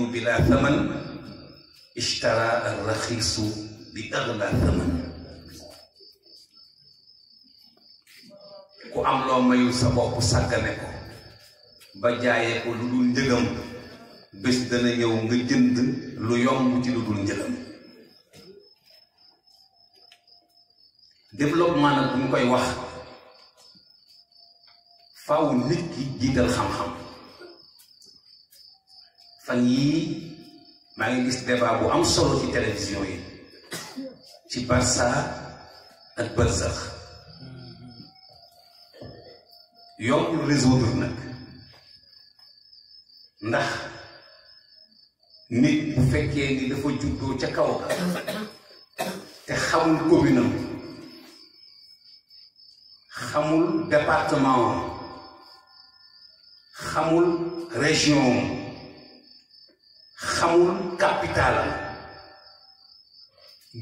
bila thaman ishtara arraxiisu bi agla ku am loo mayul sa bopp sàggane ko ba jaayee ko lu dul njëgam bés dana ñëw nga jënd lu yomb ci lu dul njëgam développement bu ñu koy wax faw nit ki xam-xam fan yii maa ngi gis débat bu am solo ci télévision yi ci Barça ak Barzax résoudre nag ndax nit bu fekkee ni dafa juddoo ca kaw ka commune département région xamul capital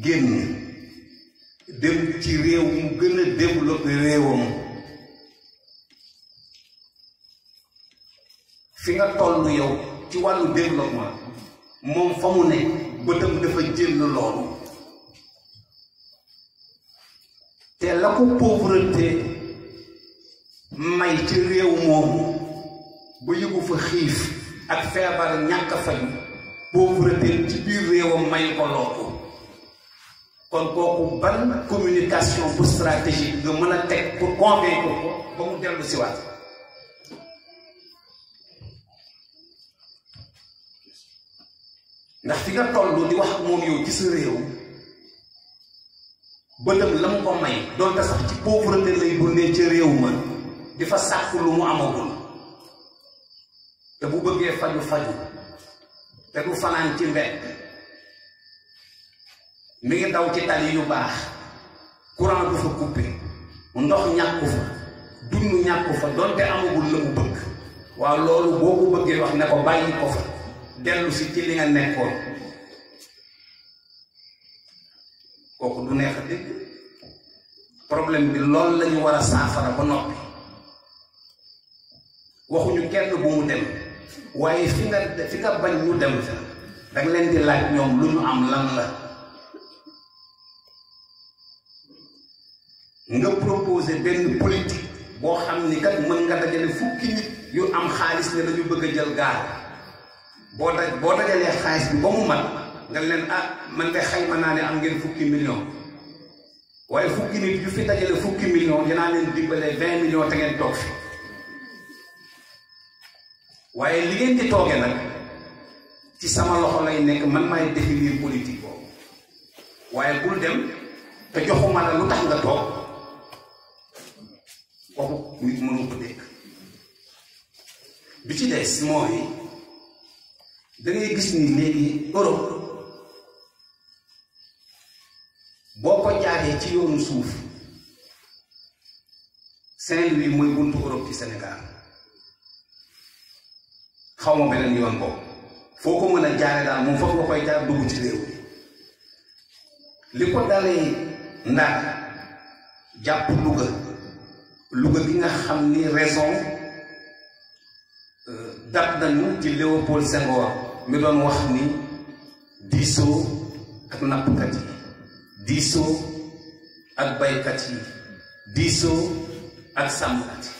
génn dem ci réew mu gën a développé réewam fi nga toll yow ci wàllu développement moom fa mu ne bëtam dafa jël loolu te la ko pauvreté may ci réew moomu ba yëgu fa xiif ak feebar ñàkk pauvreté ci biir réewam may ko loolu kon kooku ban communication bu stratégique nga mën a teg pour convaincre ko ba mu dellu si waat ndax fi nga toll di wax moom yow ci sa réew bëtëm la mu ko may doonte sax ci pauvreté lay dundee ca réew ma di fa sàkk lu mu amagul te bu bëggee faju faju te du fanaan ci mbedd mi ngi daw ci tali yu baax courant du fa coupé ndox ñàkku fa dund ñàkku fa donte amagul la mu bëgg waaw loolu boo ko bëggee wax ne ko bàyyi ko fa dellu si ci li nga nekkoon kooku du neex a dégg problème bi loolu lañu ñu war a saafara ba noppi waxuñu kenn bu mu dem waye fi nga fi nga bañ ñu dem fa da nga leen di laaj ñoom lu ñu am lan la nga proposer benn politique boo xam ni kat mën nga dajale fukki nit yu am xaalis ne dañu bëgg a jël gaal boo daj boo dajalee xaalis bi ba mu mat nga leen ah man de xayma naa ne am ngeen fukki million waaye fukki nit yu fi dajale fukki million dinaa leen dimbalee vingt millions te ngeen toog fi waaye li ngeen tooge nag ci sama loxo lay nekk man maay définir politique boobu waaye bul dem te joxuma la lu tax nga toog kooku nit mënu ko dégg bi ci des mooy da ngay gis ni léegi Europe boo ko jaaree ci yoonu suuf Saint-Louis muy buntu Europe ci Sénégal xaw ma beneen yoon boobu foo ko mën a jaare daal moom foofu nga koy jaar dugg ci li ko dalee Ndar jàpp Louga Louga bi nga xam ni raison euh, dab nañu ci Léopold Senghor mi doon wax ni diisoo ak nappkat yi diisoo ak baykat yi diisoo ak sàmmkat yi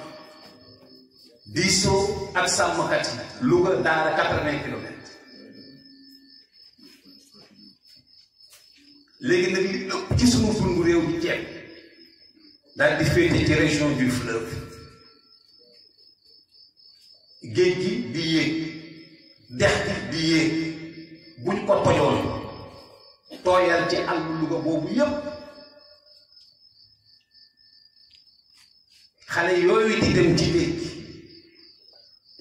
diisoo ak sàmmkat yi Louga Daara quatre-vingts léegi nag li ëpp ci sunu réew ceeb daal di féete ci région du fleuve géej gi di yéeg dex gi di yéeg buñ ko tojoon tooyal ci àll Louga boobu yépp xale yooyu di dem ci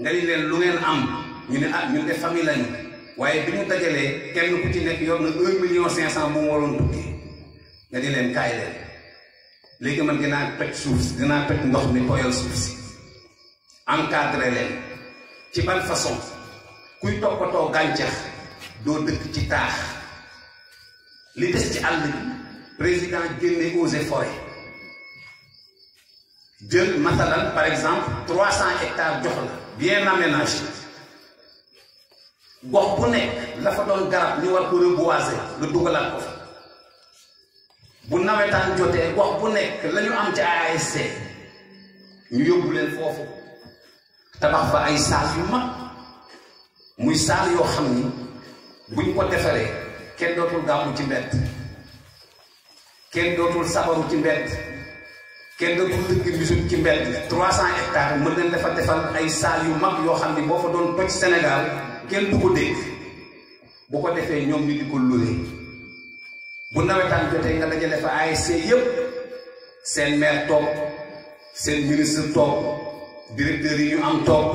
nga ni leen lu ngeen am ñu ne ah ñun de famille lañu waaye bi ñu dajalee kenn ku ci nekk yor na un million cinq cent bu mu waroon tukki nga di leen kaay leen léegi man dinaa toj suuf si dinaa toj ndox mi koyal suuf si encadré leen ci ban façon kuy toppatoo gàncax doo dëkk ci taax li des ci àll bi président génne eaux et jël masalan par exemple trois cent hectares jox la bien aménagé gox bu nekk la fa doon garab ñu war ko reboiser lu dugalaat fa bu nawetaan jotee gox bu nekk la ñu am ci ASC ñu yóbbu leen foofu tabax fa ay saal yu mag muy saal yoo xam ni buñ ko defaree kenn dootul gàmmu ci mbedd kenn dootul sabaru ci mbedd kenn nga ko dëkk bisum ci mbedd 300 hectares mën nañ dafa defal ay saal yu mag yoo xam ni boo fa doon toj Sénégal kenn du ko dégg bu ko defee ñoom ñu di ko luwe bu nawetaan jotee nga dajale fa ASC yépp seen maire toog seen ministre toog directeur yi ñu am toog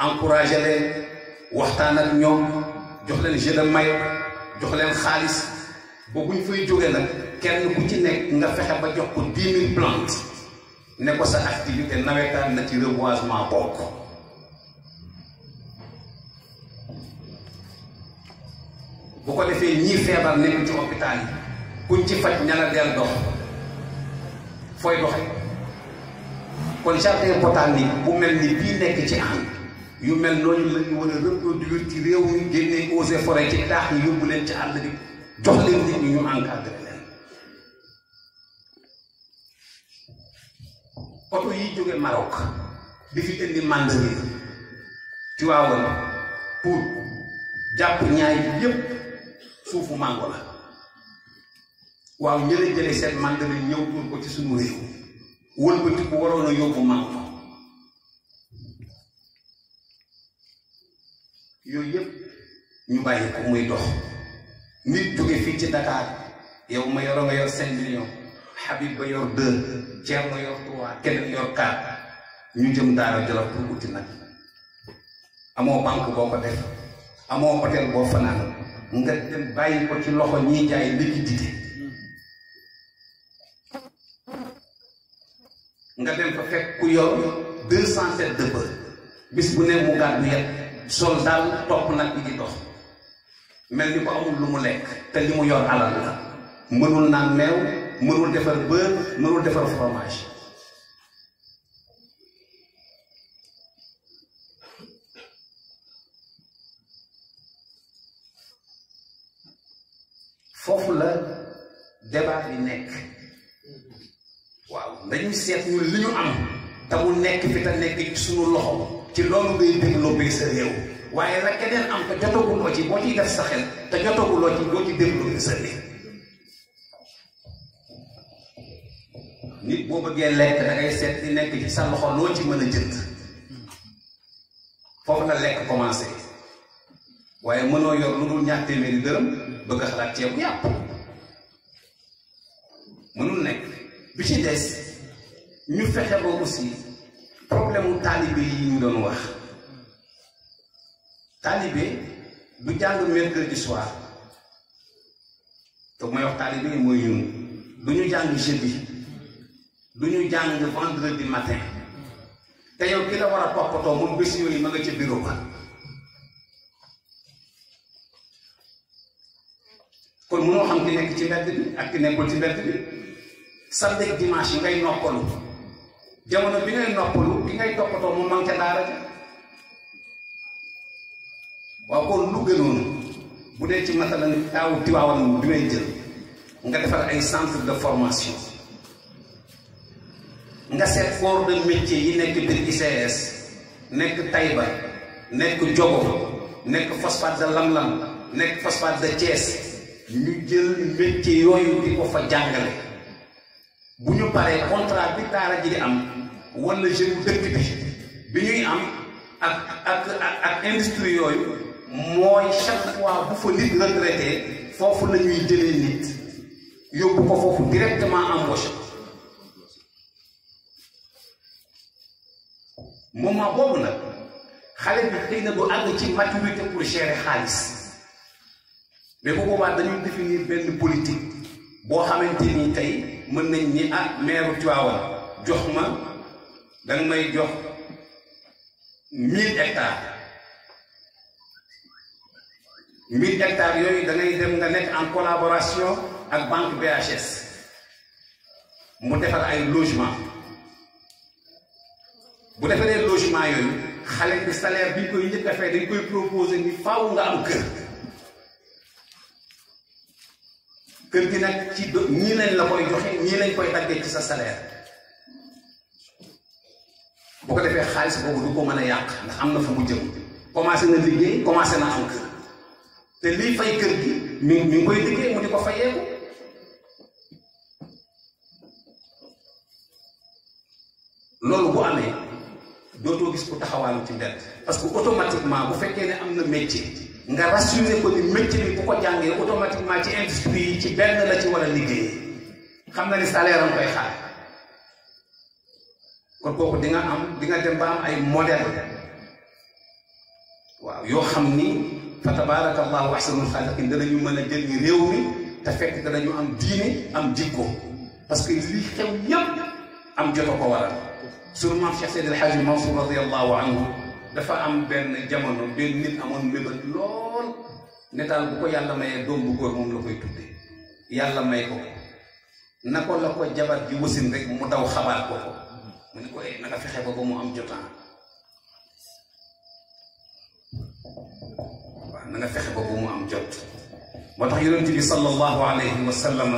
encouragé waxtaan ak ñoom jox leen jeu de xaalis ba buñ fay jógee nag kenn ku ci nekk nga fexe ba jox ko dix mille ne ko sa activité nawetaan na ci reboisement bokk bu ko defee ñii feebar nekk ci hôpital kuñ ci faj ña la del dox fooy doxe kon jardin botanique bu mel ni bii nekk ci ànd yu mel noonu la ñu war a reproduire ci réew mi génnee eaux ci taax yi yóbbu leen ci àll bi jox leen nit ñu encadré leen oto yi jóge Maroc di fi indi mandarine Tiwaawan pour jàpp ñaay yépp suufu mango la waaw jële seen mandarine ñëw tuur ko ci suñu réew wëlbati ko waroon a yóbbu mango yooyu ñu bàyyi ko muy dox nit jóge fii ci yow ma yoro nga Habib ba yor deux Thierno yor trois keneen yor quatre ñu jëm Daara Jolof pour uti nag amoo banque boo ko def amoo hôtel boo fanaan nga dem bàyyi ko ci loxo ñiy jaay liquidité nga dem fa fekk ku yor deux cent sept de bis bu ne mu gàddu yet sol daal topp nag bi di dox mel ni ko amul lu mu lekk te li mu yor alal la mënul naan meew mënul defar beurre mënul defar fromage foofu la débat yi nekk waaw dañuy seet ñun li ñu am te mu nekk fi te nekk ci suñu loxo ci loolu ngay développé sa réew waaye la keneen am te jotaguloo ci boo ciy def sa xel te jotaguloo ci boo ci développé sa réew nit boo bëggee lekk da ngay seet li nekk ci sa loxo loo ci mën a jënd foofu la lekk commencé waaye mënoo yor lu dul ñaar téeméeri bëgg xalaat ceebu yàpp mënul nekk bi ci des ñu fexe ba aussi problème mu yi ñu doon wax taalibe du jàng mercredi soir te may wax taalibe mooy ñun du ñu jàng jeudi. du ñuy jàng de vendredi matin te yow ki la war a toppatoo moom bés yooyu ma nga ci bureau ba kon mënoo xam ki nekk ci mbedd bi ak ki nekkul ci mbedd bi samedi ak dimanche ngay noppalu jamono bi ngay noppalu ki ngay toppatoo moom ma ca daara ja waaw kon lu gënoon bu dee ci ni taaw tiwaawan bi ngay jël nga defal ay centre de formation nga seet corps de métier yi nekk biir ICS nekk Taïba nekk Diogo nekk phosphate Lamlam nekk phosphate de ñu jël métier yooyu di ko fa jàngale bu ñu paree contrat bi daara ji di am wala jeune bi bi ñuy am ak ak ak industrie yooyu mooy chaque fois bu fa nit retraité foofu la jëlee nit yóbbu ko foofu directement embauché moment boobu nag xale bi xëy na du àgg ci maturité pour gérer xaalis mais bu boobaa dañuy définir benn politique boo xamante ni tey mën nañ ni ah meeru Tiwaawan jox ma danga may jox mille hectares mille hectares yooyu da ngay dem nga nekk en collaboration ak banque BHS mu defar ay logement bu defaree logement yooyu xale bi salaire bi ñu koy njëkk a fay dañ koy proposer ni faaw nga am kër kër gi nag ci do ñii lañ la koy joxe ñii lañ koy daggee ci sa salaire boo ko defee xaalis boobu du ko mën a yàq ndax am na fu mu jëm commencé na liggéey commencé na am kër te liy fay kër gi mi mi ngi koy mu di ko fayeeku loolu bu amee. doto gis ko taxawal ci mbedd parce que automatiquement bu fekke ne amna métier nga rassurer ko ni métier bi bu ko jangé automatiquement ci industrie ci benn la ci wala a liggéey xam nga ni salaire am koy xaar kon kooku di nga am di nga dem ba am ay modèle waaw yoo xam ni fa wa ahsanul xaaliqin danañu mën a jël réew mi te fekk danañu am diine am jikko parce que li xew yépp am joto ko waral سورمان شيخ سيد الحاج منصور رضي الله عنه دفع ام بين جمل بين نيت امون ميبل لول نيتال بوكو يالا ماي دوم بوكو موم لا كوي تودي يالا ماي كو نكو لا كو جابار جي وسين ريك مو داو خبار كو من كو اي نغا فخي بوكو مو ام جوتان نغا فخي بوكو مو ام جوت motax yaronte bi sallallahu alayhi wa sallam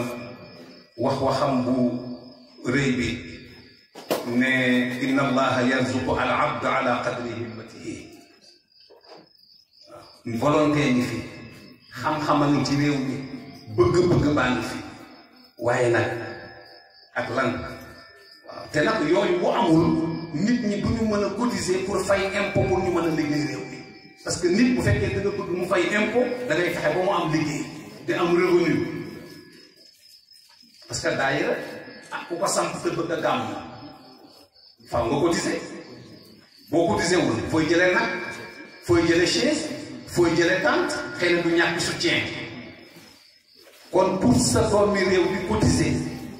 wax waxam bu reey bi ne inna allaha yarzuqu al abd ala qadri himmatihi waaw volonté ni fi xam-xam a ngi ci réew mi bëgg-bëgg baa ngi fi waaye nag ak lan te nag yooyu bu amul nit ñi bu ñu mën a cotiser pour fay impôt pour ñu mën a liggéey réew mi parce que nit bu fekkee da nga bëgg mu fay impôt da ngay fexe ba mu am liggéey di am revenu parce que daayira ah ku ko samp te bëgg a gàmm faaw nga kotise boo cotiser wul fooy jëlee nag fooy jëlee chaise fooy jëlee tente xëy na du ñàkk soutien kon pour sa doomi réew di cotiser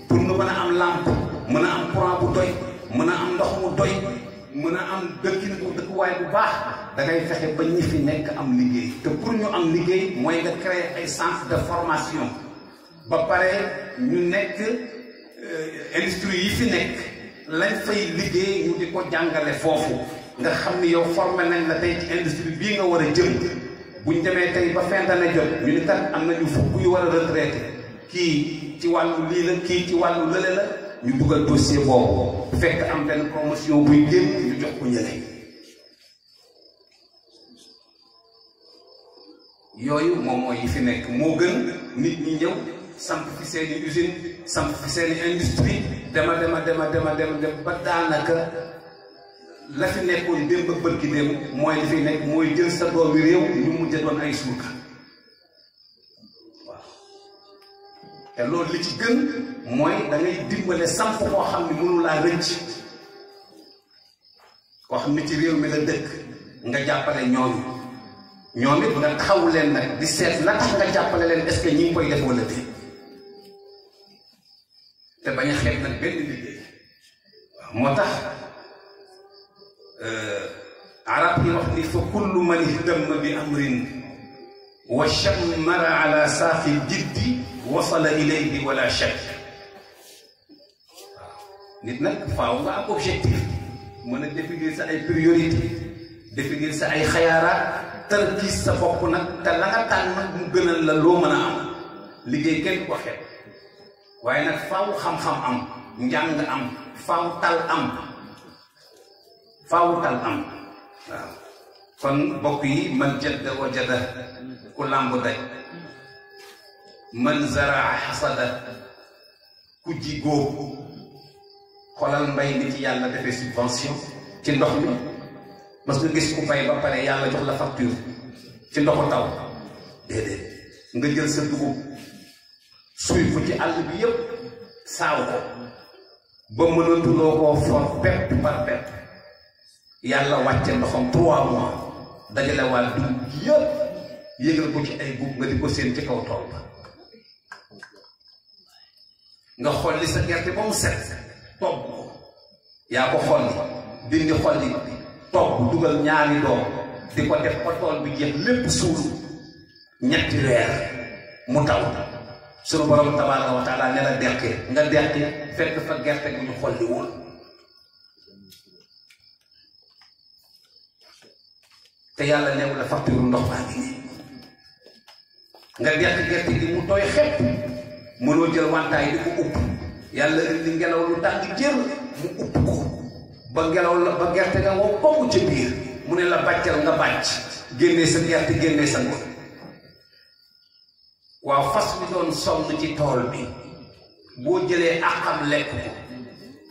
pour nga mën a am lampe mën a am courant bu doy mën a am ndox mu doy mën a am dëkkin bu dëkkuwaay bu baax da ngay fexe ba ñi fi nekk am liggéey te pour ñu am liggéey mooy nga créer ay centre de formation ba pare ñu nekk euh, industrie yi fi nekk lañ fay liggéey ñu di ko jàngale foofu nga xam ni yow formé nañ la tey ci industrie bii nga war a jëm buñ demee tey ba fin d'année jot ñu ni kat am nañu fukk yu war a retraité kii ci wàllu lii la kii ci wàllu lële la ñu dugal dossier boobu fekk am benn promotion buy génn ñu jox ko ñële yooyu moom mooy yi fi nekk moo gën nit ñi ñëw samp fi seeni usine samp fi seeni industrie dema dema dema dema dem dem ba daanaka la fi nekkoon démb ak bërki démb mooy li fi nekk mooy jël sa doomi réew ñu mujj doon ay surga waaw te loolu li ci gën mooy da ngay dimbale samp koo xam ne mënu laa rëcc koo xam ne ci réew mi la dëkk nga jàppale ñooñu ñoom it nga taxawu leen nag di seet la tax nga jàppale leen est-ce que ñi ngi koy def wala déet تبين خدمة البلد لله متاح عربي وحدي فكل من اهتم بأمر وشمر على ساق الجد وصل إليه ولا شك nit nag faaw nga am objectif mën a définir sa ay priorité définir sa ay xayaaraat tarkiis sa bopp nag te la nga tànn mu gënal la loo mën a am liggéey kenn ko xeeb waaye nag faaw xam-xam am njàng am faaw tal am faaw tal am waaw kon bokk yi man jadda wajada ku làmb daj man zaraa xasada ku ji góob mbay mi ci yàlla defee subvention ci ndox mi parce que gis ku bay ba pare yàlla jox la facture ci ndoxu taw déedéet nga jël sa dugub suuf ci àll bi yëpp saaw ko ba mënatuloo koo for pepp par pepp yàlla wàcce ndoxam trois mois dajale waal dund yëpp ko ci ay gub nga di ko seen ci kaw tool nga xolli sa gerte ba mu set togg ko yaa ko xolli dindi xolli togg dugal ñaari doom di ko def ko tool bi jeex lépp suul ñetti weer mu taw. suñu borom tabaraka wa taala neena dekké nga dekké fekk fa gerté gi ñu xolli woon té yalla neewu la facture ndox ba ngi nga dekk gerté gi mu tooy xepp mënoo jël wantaay di ko upp yalla indi ngelaw lu tàng jër mu upp ko ba ngelaw la ba gerté nga wo komm ci biir mu ne la baccal nga bacc génné sa gerté génné sa ngor waaw fas bi doon sonn ci tool bi boo jëlee àqam lekk ko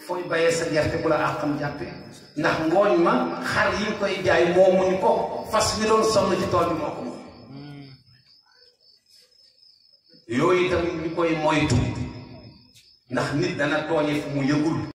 fooy bayee sa gerte bu la àqam jàppe ndax ngooñ ma xar yi koy jaay moomuñu ko fas bi doon sonn ci tool bi moo ko moom yooyu tamit ñu koy moytu ndax nit dana tooñe fu mu yëgul